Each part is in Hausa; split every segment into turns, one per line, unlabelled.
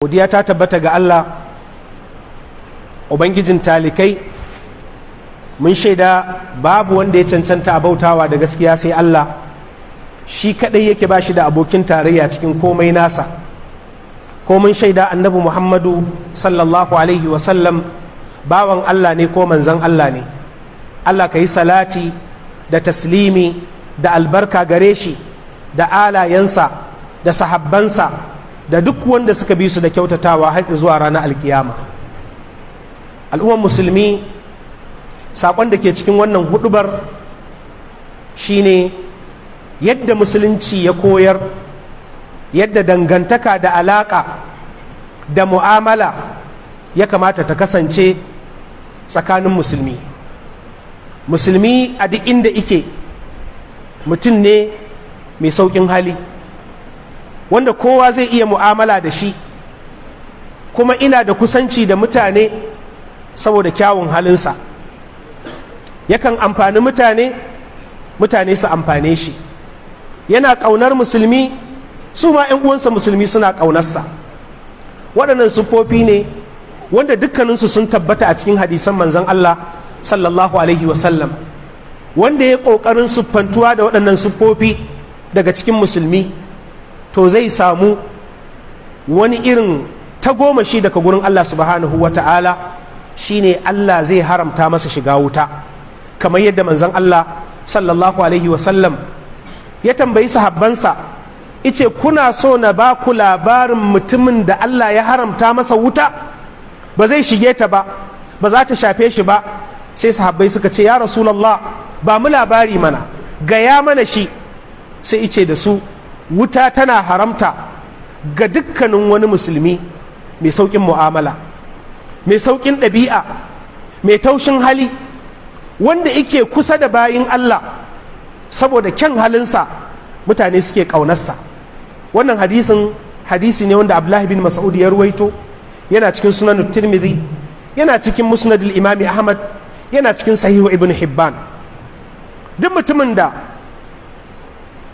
godiya ta tabbata ga Allah ubangijin talikai mun shaida babu wanda ya cancanta a bautawa da gaskiya sai Allah shi kadai yake ba shi da abokin tarayya cikin komai nasa ko mun shaida annabi Muhammadu sallallahu alaihi wasallam bawan Allah ne ko manzan Allah ne Allah ka yi salati da taslimi da albarka gare shi da alayensa da sahabbansa da duk wanda suka bi su da kyautatawa har zuwa ranar alkiyama al'ummar musulmi saƙon da ke cikin wannan hudubar shine yadda musulunci ya koyar yadda dangantaka da alaƙa da mu'amala ya kamata ta kasance tsakanin musulmi musulmi a duk inda ike mutum ne mai sauƙin hali wanda kowa zai iya mu'amala da shi kuma ina da kusanci da mutane saboda kyawun halinsa yakan amfani mutane mutane su amfane shi yana ƙaunar musulmi su ma 'yan uwansa musulmi suna ƙaunarsa waɗannan siffofi ne wanda dukkaninsu sun tabbata a cikin hadisan manzon Allah sallallahu alaihi wasallam wanda ya ƙoƙarin siffantuwa da waɗannan siffofi daga cikin musulmi to zai samu wani irin ta tagomashi daga gurin Allah subhanahu wa ta'ala shi ne Allah zai haramta masa shiga wuta kamar yadda manzon Allah sallallahu alaihi wasallam ya tambayi sahabbansa ice kuna so na ba ku labarin mutumin da Allah ya haramta masa wuta ba zai shige ta ba ba za ta shafe shi ba sai sahabbai suka ce ya rasulallah ba mu labari mana gaya mana shi sai ice da su wuta tana haramta ga dukkanin wani musulmi mai sauƙin mu'amala mai sauƙin ɗabi'a mai taushin hali wanda yake kusa da bayin Allah saboda kyan halinsa mutane suke ƙaunarsa wannan hadisin hadisi ne wanda abdullahi bin mas'ud ya ruwaito yana cikin sunan tirmidhi yana cikin musnadul imami ahmad yana cikin sahihu ibn hibban duk mutumin da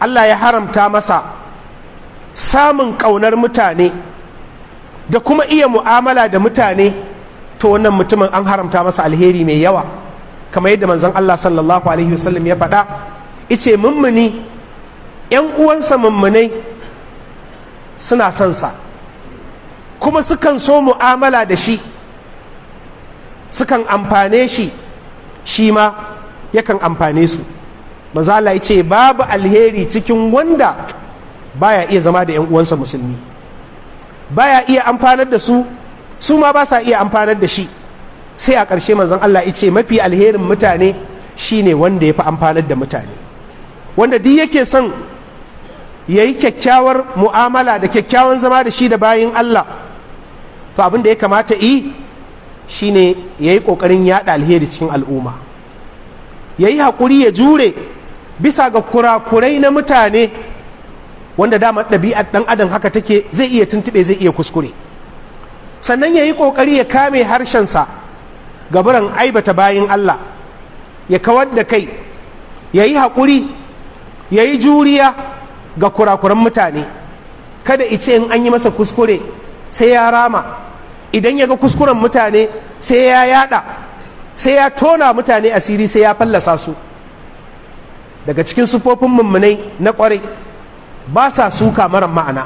Allah ya haramta masa samun ƙaunar mutane da kuma iya mu'amala da mutane to wannan mutumin an haramta masa alheri mai yawa kamar yadda manzon Allah sallallahu alaihi wasallam ya faɗa ice mummuni yan uwansa mummunai suna son sa kuma sukan so mu'amala da shi sukan amfane shi shi ma yakan amfane su mazala ya ce babu alheri cikin wanda baya iya zama da 'yan uwansa musulmi baya iya amfanar da su su ma ba sa iya amfanar da shi sai a ƙarshe manzan Allah ya ce mafi alherin mutane shine wanda ya fi amfanar da mutane wanda duk yake son ya yi kyakkyawar mu'amala da kyakkyawan zama da shi da bayin Allah to abin da ya kamata yi shine ya yi ƙoƙarin yaɗa alheri cikin al'umma ya yi haƙuri ya jure bisa ga kurakurai na mutane wanda dama ɗabi'ar ɗan adam haka take zai iya tuntuɓe zai iya kuskure sannan ya yi ƙoƙari ya kame harshensa gaburan aibata bayan Allah ya kawar da kai ya yi haƙuri ya yi juriya ga kurakuran mutane kada ice in an yi masa kuskure sai ya rama idan ya ga kuskuren mutane sai ya yada sai ya tona mutane asiri sai ya fallasa su daga cikin sufofin mummunai na kwarai ba sa suka mara ma'ana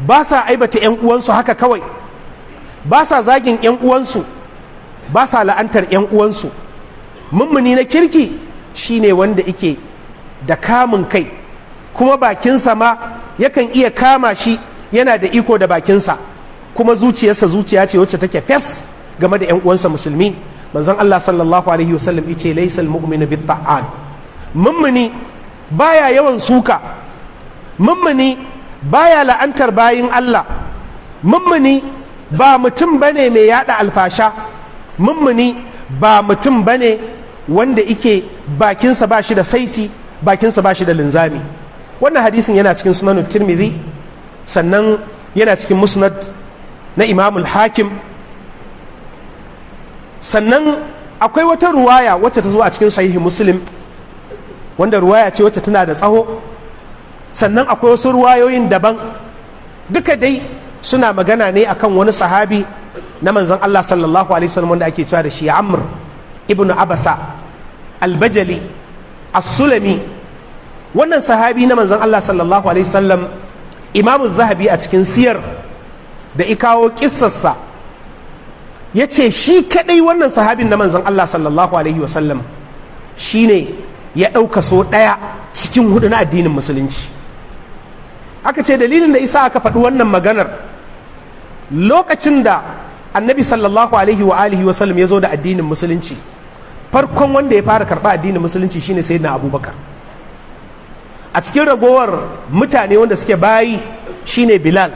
ba sa aibata 'yan uwansu haka kawai ba sa zagin 'yan uwansu ba sa la'antar 'yan uwansu mummuni na kirki shi ne wanda ike da kamun kai kuma bakinsa ma yakan iya kama shi yana da iko da bakinsa kuma zuciyarsa zuciya ce wacce take fes game da 'yan uwansa musulmi manzan Allah sallallahu alaihi wasallam ice laisal mu'minu bi ta'an mummuni baya yawan suka mummuni baya la'antar bayin Allah mummuni ba mutum bane mai yada alfasha mummuni ba mutum bane wanda ike bakinsa ba shi da saiti bakinsa ba shi da linzami wannan hadisin yana cikin sunanun tirmidhi sannan yana cikin musnad na imamul hakim sannan akwai wata ruwaya wacce ta zo a cikin sahihi muslim wanda ruwaya ce wacce tana da tsaho sannan akwai wasu ruwayoyin daban duka dai suna magana ne akan wani sahabi na manzon Allah sallallahu alaihi wasallam wanda ake cewa da shi Amr ibn Abasa al-Bajali as-Sulami wannan sahabi na manzon Allah sallallahu alaihi wasallam Imam Zahabi a cikin siyar da ikawo kissarsa ya ce shi kadai wannan sahabin na manzon Allah sallallahu alaihi wasallam shine ya ɗauka so ɗaya cikin hudu na addinin musulunci aka ce dalilin da isa aka faɗi wannan maganar lokacin da annabi sallallahu alaihi wa alihi wa sallam ya zo da addinin musulunci farkon wanda ya fara karɓa addinin musulunci shine sayyidina abubakar a cikin ragowar mutane wanda suke bayi shine bilal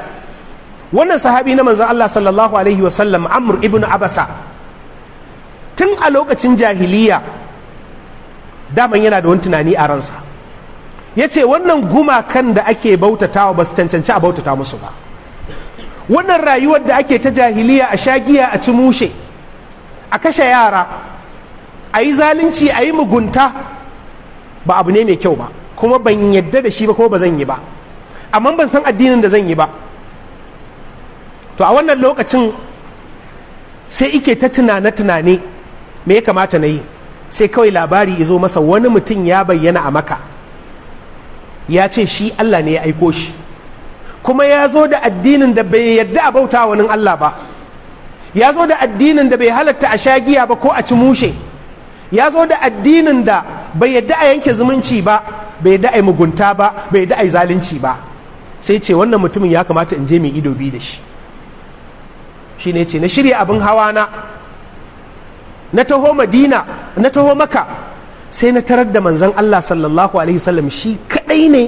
wannan sahabi na manzan allah sallallahu alaihi wa sallam amr ibn abasa tun a lokacin jahiliya daman yana da wani tunani a ransa ya ce wannan gumakan da ake bautatawa ba su cancanci a bautata musu ba wannan rayuwar da ake ta jahiliya a shagiya a ci mushe a kashe yara a yi zalunci a yi mugunta ba abu ne mai kyau ba kuma ban yadda da shi ba kuma ba zan yi ba amma ban san addinin da zan yi ba to a wannan lokacin sai ike ta tunane-tunane me ya kamata na yi sai kawai labari ya zo masa wani mutum ya bayyana a maka ya ce shi Allah ne ya aiko shi kuma ya zo da addinin da bai yadda a bauta wani Allah ba ya zo da addinin da bai halatta a shagiya ba ko a ci mushe ya zo da addinin da bai yadda a yanke zumunci ba bai yadda a yi mugunta ba bai yadda a yi zalunci ba sai ce wannan mutumin ya kamata in je mai ido bi da shi shi ne ce na shirya abin hawa na na taho madina na taho maka sai na tarar da manzan Allah sallallahu alaihi wasallam shi kadai ne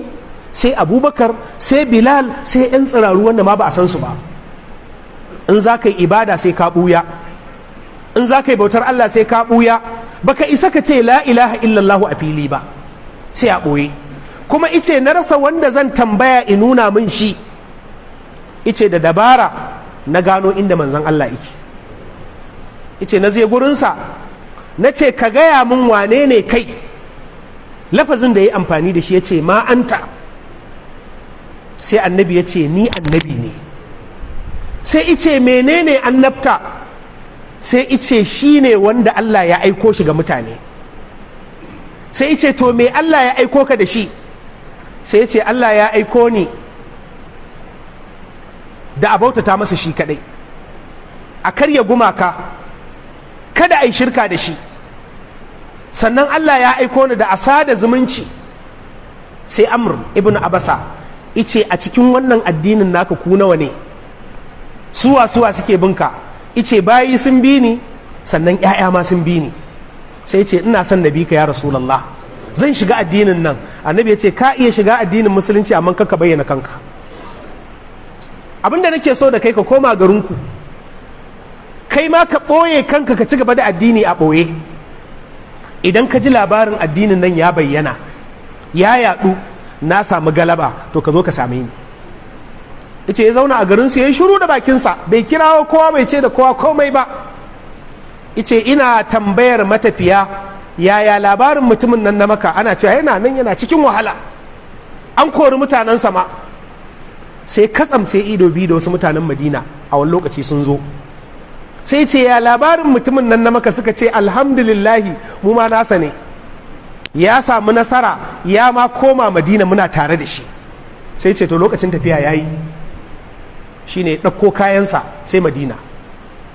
sai abubakar sai bilal sai yan tsiraru wanda ma ba a san su ba in za ka yi ibada sai ka buya in za ka yi bautar Allah sai ka buya baka isa ka ce la ilaha illallahu a fili ba sai a ɓoye kuma ice na rasa wanda zan tambaya in nuna min shi ice da dabara na gano inda manzan Allah yake ice na je gurinsa na ce ka gaya min wane ne kai lafazin da ya amfani da shi ya ce ma'anta sai annabi ya ce ni annabi ne sai ice menene annabta sai ice shi ne wanda Allah ya aiko shi ga mutane sai ice to me Allah ya aiko ka da shi sai ce Allah ya aiko ni da abautata masa shi kadai a karya gumaka kada a yi shirka da shi sannan Allah ya aiko ni da asa da zumunci sai amr ibn abasa ice a cikin wannan addinin naka ku nawa ne suwa suwa suke binka ice bayi sun bi ni sannan 'ya'ya ma sun bi ni sai ce ina son nabi ka ya rasulullah zan shiga addinin nan annabi ya ce ka iya shiga addinin musulunci amma kanka bayyana kanka abinda nake so da kai ka koma garinku kai ma ka ɓoye kanka ka ci gaba da addini a ɓoye idan ka ji labarin addinin nan ya bayyana ya yaɗu na samu galaba to ka zo ka same ni ce ya zauna a garin su ya yi shuru da bakinsa bai kirawo kowa bai ce da kowa komai ba ice ina tambayar matafiya yaya labarin mutumin nan na maka ana cewa yana nan yana cikin wahala an kori mutanen sama sai katsam sai ido biyu da wasu mutanen madina a wani lokaci sun zo sai ce ya labarin mutumin nan na maka suka ce alhamdulillahi mu ma nasa ne ya samu nasara ya ma koma madina muna tare da shi sai ce to lokacin tafiya ya yi shi ne ɗauko kayansa sai madina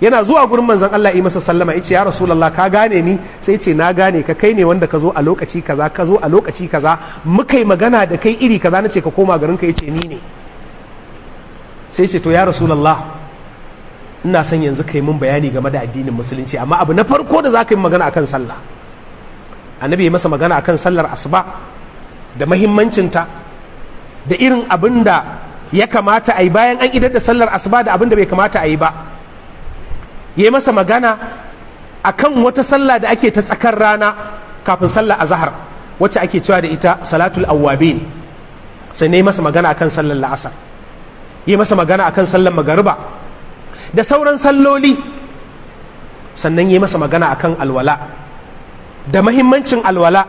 yana zuwa gurin manzan Allah yi masa sallama ya ce ya rasulallah ka gane ni sai ce na gane ka kai ne wanda ka zo a lokaci kaza ka zo a lokaci kaza muka yi magana da kai iri kaza na ce ka koma garin ka ya ce ni ne sai ce to ya rasulallah ina son yanzu ka yi min bayani game da addinin musulunci amma abu na farko da za ka yi magana akan sallah annabi ya masa magana akan sallar asuba da mahimmancinta da irin abin da ya kamata a yi bayan an idar da sallar asuba da abin da bai kamata a yi ba ya masa magana akan wata sallah da ake ta tsakar rana kafin sallar zahar wacce ake cewa da ita salatul awwabin sai ne masa magana akan sallar la'asar yi masa magana akan sallar magariba da sauran salloli sannan yi masa magana akan alwala da mahimmancin alwala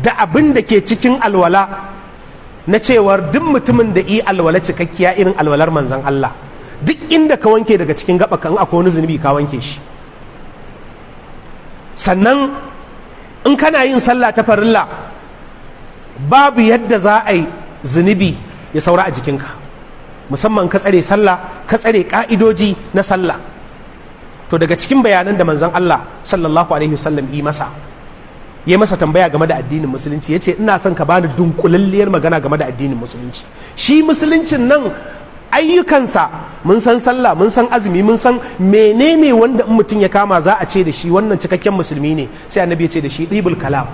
da abin da ke cikin alwala na cewar duk mutumin da yi alwala cikakkiya irin alwalar manzan Allah duk inda ka wanke daga cikin gaba kan akwai wani zunubi ka wanke shi sannan in kana yin sallah ta farilla babu yadda za a yi zunubi ya saura a jikinka musamman ka tsare sallah ka tsare ka'idoji na sallah to daga cikin bayanan da manzan Allah sallallahu alaihi wasallam yi masa ya masa tambaya game da addinin musulunci ya ce ina son ka bani dunkulalliyar magana game da addinin musulunci shi musuluncin nan ayyukansa mun san sallah mun san azumi mun san menene wanda in mutum ya kama za a ce da shi wannan cikakken musulmi ne sai annabi ya ce da shi ɗibul kalam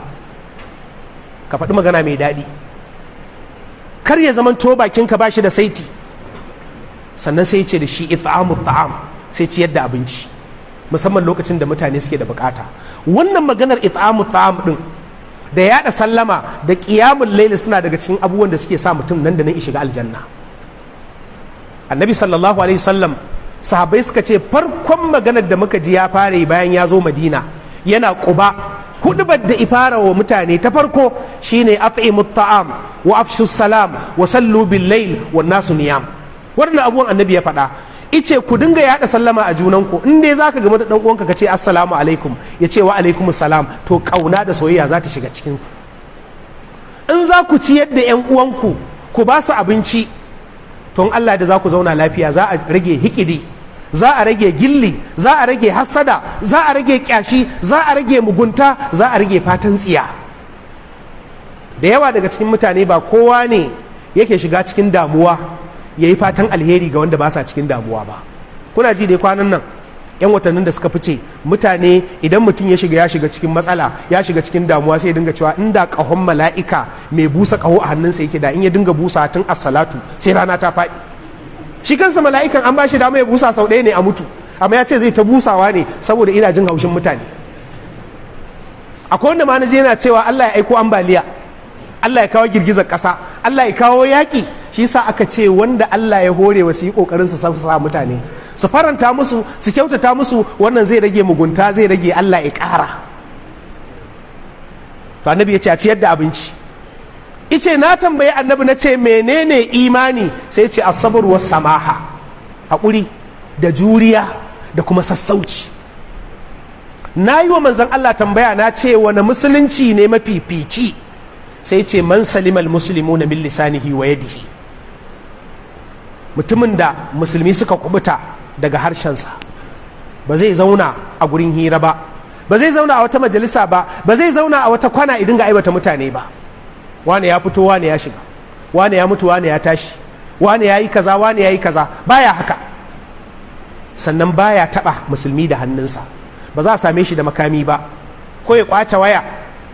ka faɗi magana mai daɗi kar ya zaman to bakinka ba shi da saiti sannan sai ce da shi it'amu ta'am sai ciyar da abinci musamman lokacin da mutane suke da bukata wannan maganar it'amu ta'am din da yaɗa sallama da ƙiyamun laili suna daga cikin abubuwan da suke sa mutum nan da nan shiga aljanna annabi sallallahu alaihi sallam sahabbai suka ce farkon maganar da muka ji ya fara bayan ya zo madina yana ƙuba hudubar da ifara wa mutane ta farko shine at'imu ta'am wa afshu salam wa sallu bil lail wa nasu niyam waɗannan abubuwan annabi ya faɗa ice ku dinga yaɗa sallama a junanku in dai zaka game da dan uwanka ka ce assalamu alaikum ya ce wa alaikum salam to kauna da soyayya za ta shiga cikin ku in za ku ci yadda yan uwanku ku ba su abinci to in Allah da za ku zauna lafiya za a rage hikidi za a rage gilli za a rage hassada za a rage kyashi za a rage mugunta za a rage fatan tsiya da yawa daga cikin mutane ba kowa ne yake shiga cikin damuwa ya yi fatan alheri ga wanda ba sa cikin damuwa ba kuna ji dai kwanan nan yan watannin da suka fice mutane idan mutum ya shiga ya shiga cikin matsala ya shiga cikin damuwa sai ya dinga cewa inda kahon mala'ika mai busa kaho a hannunsa yake da in ya dinga busa tun asalatu sai rana ta faɗi shi kansa mala'ikan an ba shi dama ya busa sau ɗaya ne a mutu amma ya ce zai ta busawa ne saboda ina jin haushin mutane akwai wanda ma na yana cewa Allah ya aiko ambaliya Allah ya kawo girgizar ƙasa Allah ya kawo yaƙi shi sa aka ce wanda Allah ya hore wa su yi kokarin su sa mutane su faranta musu su kyautata musu wannan zai rage mugunta zai rage Allah ya ƙara to annabi ya ce a ciyar da abinci ice na tambayi annabi na ce menene imani sai ce asabar wa samaha haƙuri da juriya da kuma sassauci na yi wa manzan Allah tambaya na ce wani musulunci ne mafi fici sai ce man salimal muslimu na min lisanihi wa yadihi mutumin da musulmi suka kubuta daga harshensa ba zai zauna a gurin hira ba ba zai zauna a wata majalisa ba ba zai zauna a wata kwana idin ga aibata mutane ba wane ya fito wane ya shiga wane ya mutu wane ya tashi wane ya yi kaza wane ya yi kaza baya haka sannan baya taba musulmi da hannunsa ba za a same shi da makami ba ko ya kwace waya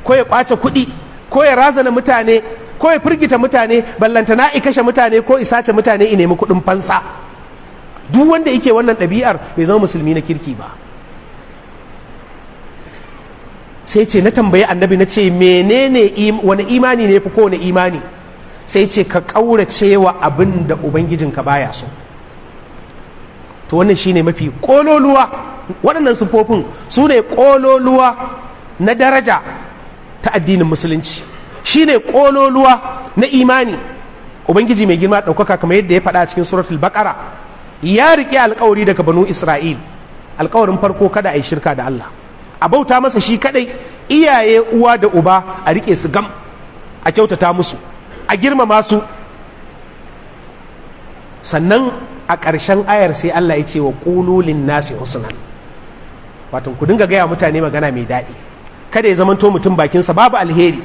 ko ya kwace kuɗi ko ya razana mutane ko ya firgita mutane na i kashe mutane ko isace mutane in nemi kuɗin fansa duk wanda yake wannan ɗabi'ar bai zama musulmi na kirki ba sai ce na tambayi annabi na ce menene wani imani ne fi kowane imani sai ce ka ƙaurace wa abin da ubangijinka baya so to wannan shine mafi ƙololuwa waɗannan siffofin su ne ƙololuwa na daraja ta addinin musulunci Shi ne ƙololuwa na imani ubangiji mai girma ɗaukaka kamar yadda ya faɗa cikin suratul baƙara. ya riƙe alƙawari daga banu isra'il alƙawarin farko kada a yi shirka da allah a bauta masa shi kaɗai. iyaye uwa da uba a riƙe su gam a kyautata musu a girmama su sannan a ƙarshen ayar sai allah ya ce wa ƙululin nasi husnan wato ku dinga gaya mutane magana mai daɗi kada ya zamanto mutum bakinsa babu alheri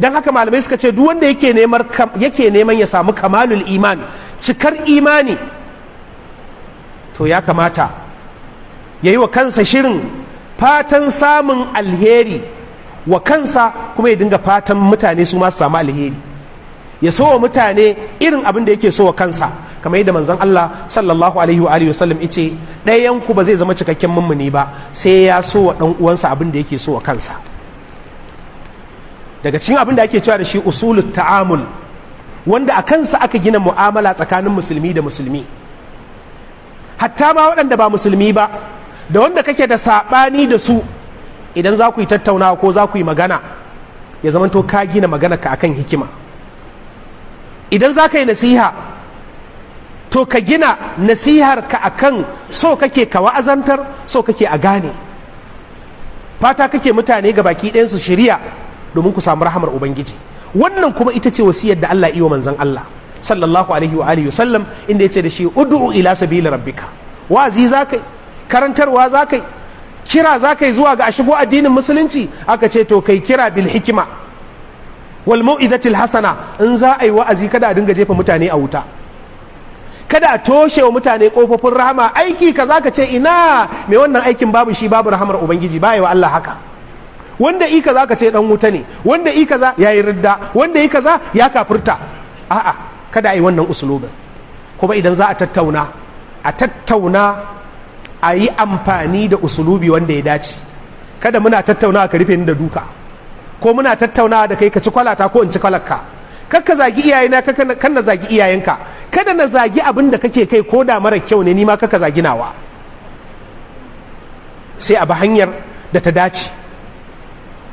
don haka malamai suka ce duk wanda yake neman ya samu kamalul iman cikar imani to ya kamata ya yi wa kansa shirin fatan samun alheri wa kansa kuma ya dinga fatan mutane su masu samu alheri ya so wa mutane irin abin da yake so wa kansa kamar yadda manzon Allah sallallahu alaihi wa alihi wasallam yace ɗayan ku ba zai zama cikakken mummuni ba sai ya so wa ɗan uwansa abin da yake so wa kansa daga cikin abin da ake cewa da shi usulul ta'amul wanda a kansa aka gina mu'amala tsakanin musulmi da musulmi hatta ma waɗanda ba musulmi ba da wanda kake da saɓani da su idan za ku yi tattaunawa ko za ku yi magana ya zama to ka gina magana ka akan hikima idan za ka yi nasiha to ka gina nasihar ka akan so kake ka wa'azantar so kake a gane fata kake mutane ga baki ɗayan su shirya domin ku samu rahamar ubangiji wannan kuma ita ce wasiyar da Allah iya manzon Allah sallallahu alaihi wa alihi sallam inda yace da shi ud'u ila sabili rabbika wazi kai, karantarwa zakai kira zakai zuwa ga a shigo addinin musulunci aka ce to kai kira bil hikima wal mau'izatil hasana in za a yi wa'azi kada a dinga jefa mutane a wuta kada a toshe wa mutane kofofin rahama aiki ka ka ce ina mai wannan aikin babu shi babu rahamar ubangiji ba wa Allah haka wanda ika za ka ce dan wuta ne wanda za ya yayi ridda wanda ika za ya kafirta a'a kada a yi wannan usulubin kuma idan za a tattauna a tattauna a yi amfani da usulubi wanda ya dace kada muna tattaunawa ka rufe ni da duka ko muna tattaunawa da kai ka ci kwalata ko in ci kwalaka kakka zagi iyayena kan na zagi iyayenka kada na zagi abin da kake kai ko da mara kyau ne nima kakka zagi nawa sai a ba hanyar da ta dace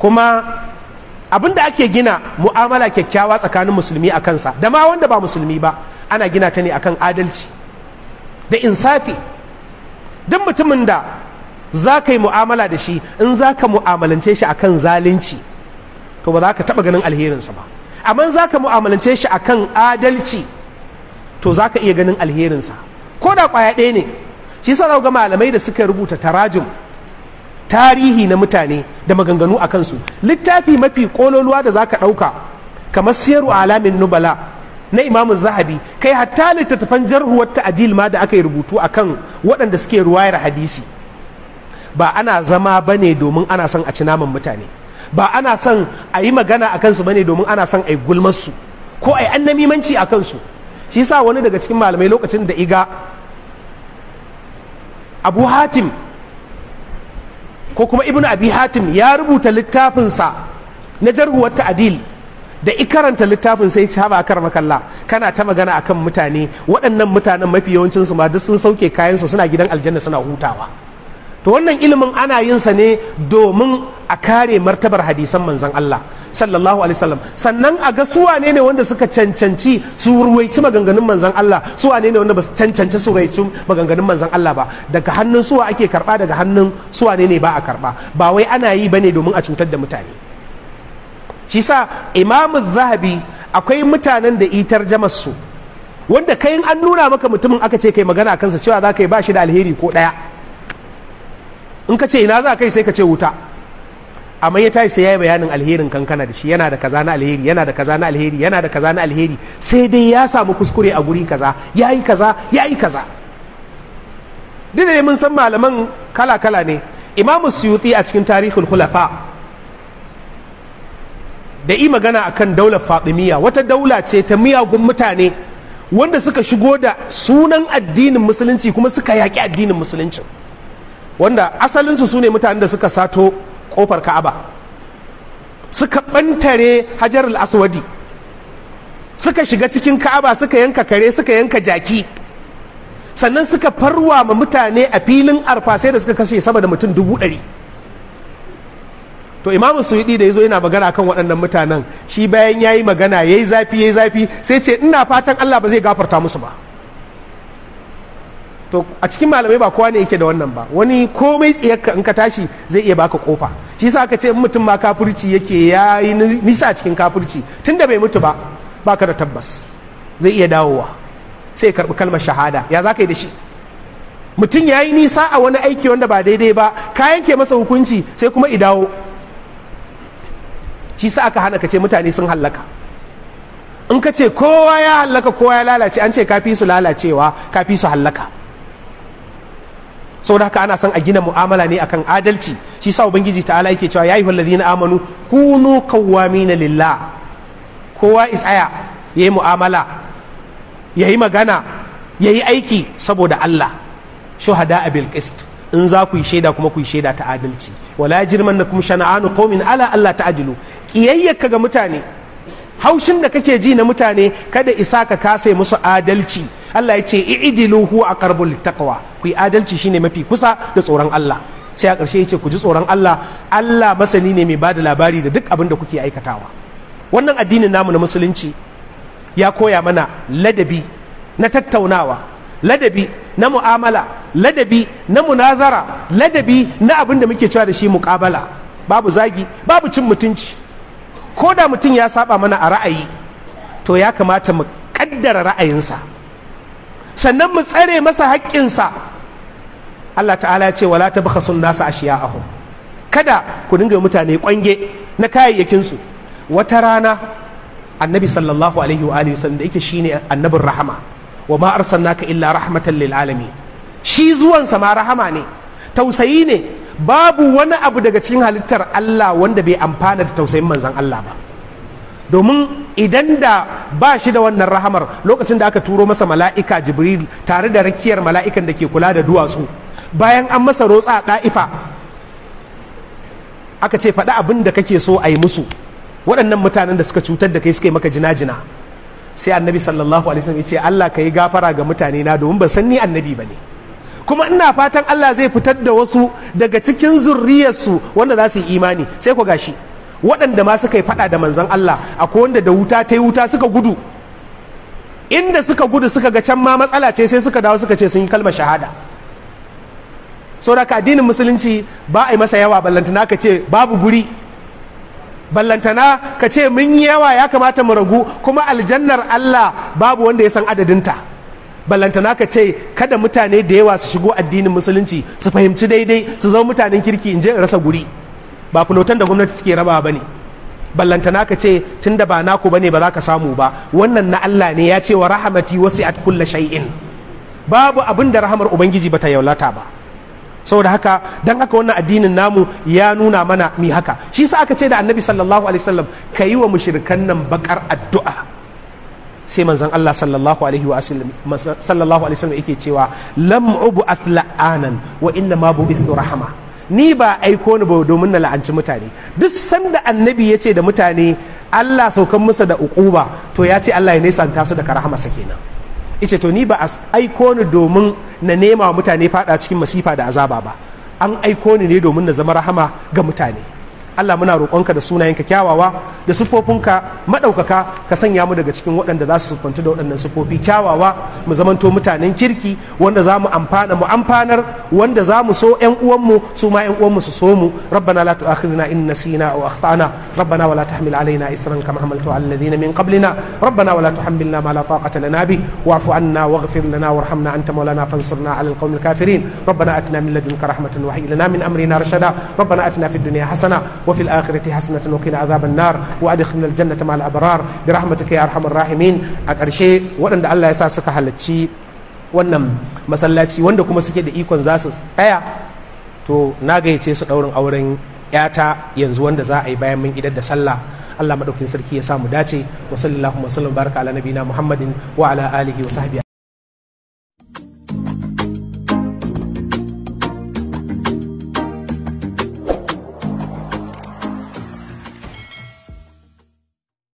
kuma abin da ake gina mu'amala kyakkyawa tsakanin musulmi a kansa da ma wanda ba musulmi ba ana gina ta ne akan adalci da insafi duk mutumin da za ka yi mu'amala da shi in za ka mu'amalance shi akan zalunci to ba za ka taɓa ganin alherinsa ba amma za ka mu'amalance shi akan adalci to za ka iya ganin alherinsa ko da kwaya ɗaya ne shi sa ga malamai da suka rubuta tarajum tarihi na mutane da maganganu a kansu littafi mafi kololuwa da za ka ɗauka kamar siyarwa alamin nubala na imamun zahabi kai hatta littattafan jarhuwar ta'adil ma da aka yi rubutu a kan waɗanda suke ruwayar hadisi ba ana zama ba ne domin ana son a ci naman mutane ba ana son a yi magana a kansu ba ne domin ana son a yi gulmarsu ko a yi annamimanci a kansu shi sa wani daga cikin malamai lokacin da iga abu hatim ko kuma Ibn abi hatim ya rubuta littafinsa na jarhuwar ta'adil da ikaranta littafin sai ci haba kar makalla kana ta magana akan mutane waɗannan mutanen mafi yawancin su ma duk sun sauke kayan suna gidan aljanna suna hutawa to wannan ilimin ana yin sa ne domin a kare martabar hadisan manzan Allah sallallahu alaihi wasallam sannan a ga su wane ne wanda suka cancanci su ruwaici maganganun manzan Allah su wane ne wanda ba su cancanci su ruwaici maganganun manzan Allah ba daga hannun suwa ake karba daga hannun su wane ne ba a karba ba wai ana yi bane domin a cutar da mutane shi sa imamu zahabi akwai mutanen da itar jamar su wanda kai an nuna maka mutumin aka ce kai magana kansa cewa za ka yi ba shi da alheri ko ɗaya in ka ce ina za kai sai ka ce wuta amma ya tashi sai ya yi bayanin alherin kankana da shi yana da kaza na alheri yana da kaza na alheri yana da kaza na alheri sai dai ya samu kuskure a guri kaza ya yi kaza ya yi kaza duk da mun san malaman kala kala ne imamu suyuti a cikin tarihul hulafa da yi magana akan daular miya, wata daula ce ta miyagun mutane wanda suka shigo da sunan addinin musulunci kuma suka yaƙi addinin musulunci. wanda asalinsu su ne mutanen da suka sato kofar ka'aba suka bantare hajar aswadi suka shiga cikin ka'aba suka yanka kare suka yanka jaki sannan suka farwa ma mutane a filin arfa sai da suka kashe sama da mutum dubu ɗari to imamu suyidi da ya zo yana magana kan waɗannan mutanen shi bayan ya yi magana ya yi zafi ya yi zafi sai ce ina fatan allah ba zai gafarta musu ba to a cikin malamai ba kowa ne yake da wannan ba wani komai tsiyarka in ka tashi zai iya baka kofa shi sa ka ce in mutum ma kafirci yake yi nisa cikin kafirci da bai mutu ba ka da tabbas zai iya dawowa sai karbi kalmar shahada ya za ka yi da shi mutum ya yi nisa a wani aiki wanda ba daidai ba ka yanke masa hukunci sai kuma dawo shi sa aka hana ka ce mutane sun hallaka in ka ce kowa ya hallaka kowa ya lalace an ce kafi su lalacewa kafi su hallaka saboda haka ana son a gina mu'amala ne akan adalci shi sa ubangiji ta'ala yake cewa ya yi ayyuhal na amanu kunu qawwamina lillah kowa isaya ya yi mu'amala ya yi magana ya yi aiki saboda Allah shuhada a bilkist in za ku yi shaida kuma ku yi shaida ta adalci wala jirman na kuma shana'anu qaumin ala Allah ta adilu kiyayyaka ga mutane haushin da kake ji na mutane kada isa ka kasa musu adalci Allah ya ce iidiluhu a aqrabu littaqwa ku yi adalci shine mafi kusa da tsoron Allah sai a ƙarshe ya ce ku ji tsoron Allah Allah masani ne mai bada labari da duk abin da kuke aikatawa wannan addinin namu na musulunci ya koya mana ladabi na tattaunawa ladabi na mu'amala ladabi na munazara ladabi na abin da muke cewa da shi muƙabala babu zagi babu cin mutunci ko da mutum ya saba mana a ra'ayi to ya kamata mu kaddara ra'ayinsa sannan mu tsare masa haƙƙinsa Allah ta'ala ya ce wala tabkhasun nasa ashiya'ahum kada ku dinga mutane kwange na kayayyakinsu wata rana annabi sallallahu alaihi wa alihi wasallam da yake shine annabin rahama wa ma arsalnaka illa rahmatan lil alamin shi zuwansa ma rahama ne tausayi ne babu wani abu daga cikin halittar Allah wanda bai amfana da tausayin manzon Allah ba domin idan da ba shi da wannan rahamar lokacin da aka turo masa mala'ika jibril tare da rakiyar mala'ikan da ke kula da duwatsu bayan an masa rotsa ɗa'ifa aka ce faɗi abin da kake so a yi musu waɗannan mutanen da suka cutar da kai suka yi maka jina-jina sai annabi sallallahu alaihi wasallam ce Allah ka yi gafara ga mutane na domin ba san ni annabi ba kuma ina fatan Allah zai fitar da wasu daga cikin zurriyarsu wanda za su yi imani sai ku gashi waɗanda ma suka yi faɗa da manzan Allah akwai wanda da wuta ta yi wuta suka gudu inda suka gudu suka ga can ma matsala ce sai suka dawo suka ce sun yi kalmar shahada saboda addinin musulunci ba a yi masa yawa ballantana ka ce babu guri ballantana ka ce mun yi yawa ya kamata mu ragu kuma aljannar Allah babu wanda ya san adadinta ballantana ka ce kada mutane da yawa su shigo addinin musulunci su fahimci daidai su zama mutanen kirki in je in rasa guri ba fulotan da gwamnati suke raba ba ne ballantana ka ce tun da ba naku ba ne ba za ka samu ba wannan na Allah ne ya ce wa rahamati wasi'at kulla shay'in babu abin da rahamar ubangiji bata yaulata ba saboda haka dan haka wannan addinin namu ya nuna mana mi haka shi sa aka ce da annabi sallallahu alaihi wasallam ka yi wa mushrikan nan bakar addu'a sai manzon Allah sallallahu alaihi wa sallallahu alaihi wasallam yake cewa lam ubu atla'anan wa inna ma bu rahama ni ba aiko ni ba domin na la'anci mutane duk sanda annabi ya ce da mutane Allah saukan musa da ukuba to ya ce Allah ya nesanta su daga sa kenan ice to ni ba a aiko ni domin na nema wa mutane fada cikin masifa da azaba ba an aiko ni ne domin na zama rahama ga mutane Allah muna roƙonka da sunayenka kyawawa da siffofinka maɗaukaka ka sanya mu daga cikin waɗanda za su siffanta da waɗannan siffofi kyawawa mu zamanto mutanen kirki wanda za mu amfana mu amfanar wanda za mu so ƴan uwanmu su ma ƴan uwanmu su so mu rabbana la tu'akhidna in nasina aw akhtana rabbana wala tahmil alaina isran kama hamaltu ala alladhina min qablina rabbana wala tuhammilna ma la taqata lana bi wa'fu anna waghfir lana warhamna anta mawlana fansurna ala alqawmil kafirin rabbana atina min ladunka rahmatan wa hab min amrina rashada rabbana atina fid dunya hasana وفي الآخرة حسنة وقنا عذاب النار وأدخلنا الجنة مع الأبرار برحمتك يا أرحم الراحمين أكرشي وأن الله يساسك حلتشي wannan masallaci wanda kuma suke da ikon za su tsaya to na gayyace su ɗaurin auren 'yata yanzu wanda za a yi bayan mun idar da sallah Allah madaukin sarki ya samu dace wa sallallahu wa sallam baraka ala nabina Muhammadin wa ala alihi wa sahbihi